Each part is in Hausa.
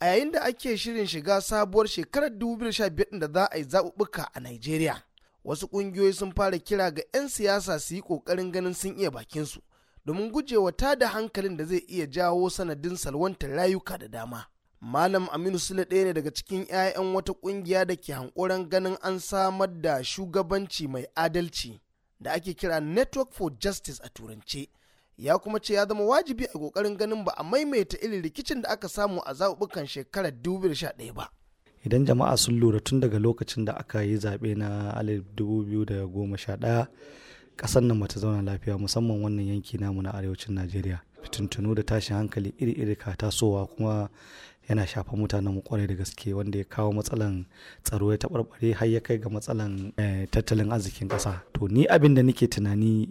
a yayin da ake shirin shiga sabuwar shekarar 2015 da za a yi zaɓuɓɓuka a Najeriya. Wasu ƙungiyoyi sun fara kira ga 'yan siyasa su yi ƙoƙarin ganin sun iya bakinsu domin gujewa tada hankalin da zai iya jawo sanadin salwantar rayuka da dama. Malam Aminu Sule ɗaya ne daga cikin 'ya'yan wata ƙungiya da ke hankoran ganin an samar da shugabanci mai adalci da ake kira Network for Justice a Turance. ya kuma ce ya zama wajibi a kokarin ganin ba a maimaita irin rikicin da aka samu a zaɓuɓɓukan shekarar 2011 ba idan jama'a sun lura tun daga lokacin da aka yi zaɓe na 2011 kasan nan mata zauna lafiya musamman wannan yanki namu na arewacin najeriya fitintunu da tashin hankali iri-iri ka tasowa kuma yana shafa mutanen mu kwarai da gaske wanda ya kawo matsalan tsaro ya taɓarɓare har ya kai ga matsalan eh, tattalin arzikin ƙasa to ni abin da nake tunani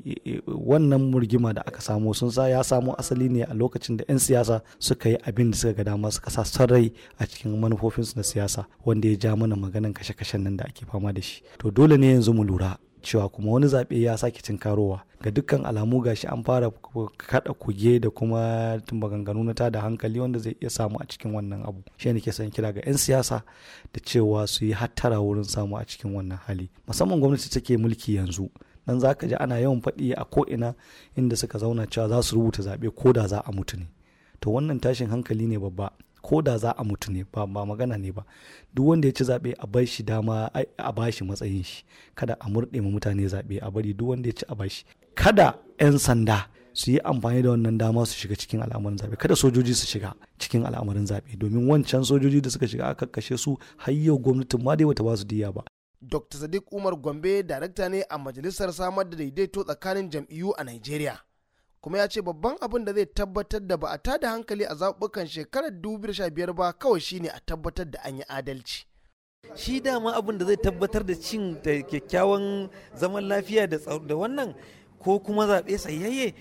wannan murgima da aka samo sun sa ya samo asali ne a lokacin da 'yan siyasa suka yi abin da suka ga dama su kasa sarrai rai a cikin manufofinsu na siyasa wanda ya ja mana maganan kashe-kashen nan da ake fama da shi to dole ne yanzu mu lura cewa kuma wani zaɓe ya sake cinkarowa ga dukkan alamu gashi an fara kaɗa kuge da kuma maganganu na tada hankali wanda zai iya samu a cikin wannan abu shi ne ke son kira ga 'yan siyasa da cewa su yi hattara wurin samu a cikin wannan hali musamman gwamnati take mulki yanzu dan za ka ji ana yawan faɗi a ko ina inda suka zauna cewa za su rubuta zaɓe ko da za a mutu ne to wannan tashin hankali ne babba ko da za a mutu ne ba magana ne ba duk wanda ya ci zaɓe a bar shi dama a bashi matsayin shi kada a murɗe ma mutane zaɓe a bari duk wanda ya ci a bashi kada 'yan sanda su yi amfani da wannan dama su shiga cikin al'amarin zaɓe kada sojoji su shiga cikin al'amarin zaɓe domin wancan sojoji da suka shiga aka kashe su har yau gwamnatin ma dai bata ba su diya ba Dr. Sadiq Umar Gombe darakta ne a majalisar samar da daidaito tsakanin jam'iyyu a Najeriya. kuma ya ce babban abin da zai tabbatar da ba a tada hankali a zaɓukan shekarar 2015 ba kawai shine a tabbatar da an yi adalci shi dama abin da zai tabbatar da cin da kyakkyawan zaman lafiya da wannan ko kuma zaɓe tsayayye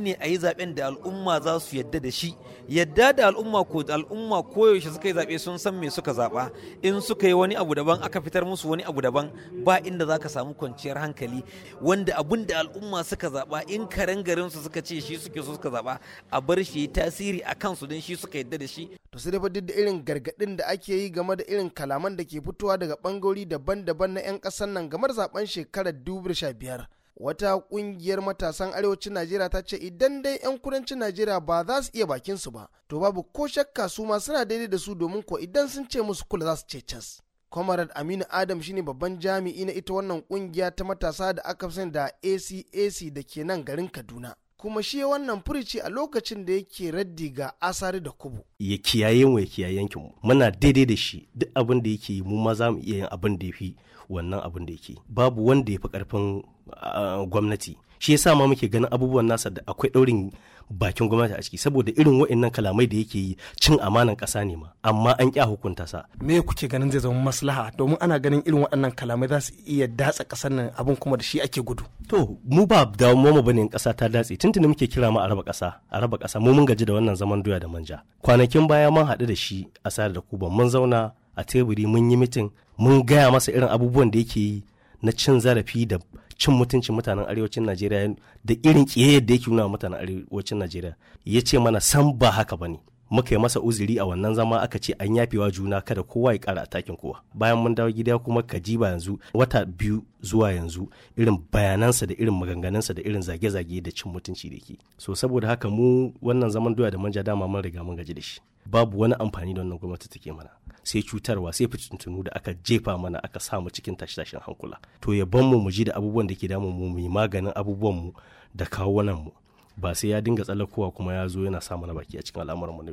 ne a yi zaɓen da al'umma za su yadda da shi yadda da al'umma ko da al'umma koyaushe suka yi zaɓe sun san me suka zaɓa in suka yi wani abu daban aka fitar musu wani abu daban ba inda za ka samu kwanciyar hankali wanda abun da al'umma suka zaɓa in karen garin su suka ce shi suke so suka zaɓa a bar shi yi tasiri a kansu don shi suka yadda da shi to sai duk da irin gargaɗin da ake yi game da irin kalaman da ke fitowa daga bangarori daban-daban na 'yan ƙasar nan game da zaben shekarar 2015 wata kungiyar matasan arewacin najeriya ta ce idan dai 'yan kudancin najeriya ba za su iya bakin su ba to babu ko shakka su ma suna daidai da su domin ko idan sun ce musu kula za su ce cas comrade aminu adam shine babban jami'i na ita wannan kungiya ta matasa da aka sani da acac da ke nan garin kaduna kuma shi wannan furici a lokacin da yake raddi ga asari da kubu ya kiyaye mu ya kiyaye yankin mu muna daidai da shi duk abin da yake mu ma za mu iya yin abin da ya fi wannan abin da yake babu wanda ya fi karfin ah, gwamnati shi yasa ma muke ganin abubuwan nasa da akwai ɗaurin bakin gwamnati a ciki saboda irin wa'annan kalamai da yake yi cin amanan ƙasa ne ma amma an ƙya hukunta sa me kuke ganin zai zama maslaha domin ana ganin irin waɗannan kalamai za su iya datsa ƙasar nan abin kuma da shi ake gudu to mu ba da mu bane ƙasa ta datse tuntuni muke kira ma a raba ƙasa a raba ƙasa mu mun gaji da wannan zaman doya da manja kwanakin baya mun haɗu da shi a sayar da kuban mun zauna a teburi mun yi mitin mun gaya masa irin abubuwan da yake yi na cin zarafi da cin mutuncin mutanen arewacin najeriya da irin ƙiyayyar da yake nuna mutanen arewacin najeriya ya ce mana san ba haka ba ne muka yi masa uzuri a wannan zama aka ce an yafewa juna kada kowa ya kara atakin kowa bayan mun dawo gida kuma kajiba yanzu wata biyu zuwa yanzu irin bayanansa da irin maganganunsa da irin zage-zage da cin mutunci da ke so saboda haka mu wannan zaman doya da manja dama mun riga mun gaji da shi babu wani amfani da wannan gwamnati take mana sai cutarwa sai fitintunu da aka jefa mana aka sa mu cikin tashe-tashen hankula to yabon mu ji da abubuwan da ke damun mu mai maganin abubuwan mu da kawo mu ba sai ya dinga tsallakowa kuma ya zo yana sa mana baki a cikin al'amuran mu ne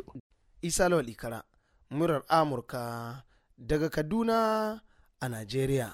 Isa Lawal Ikara murar Amurka daga Kaduna a Najeriya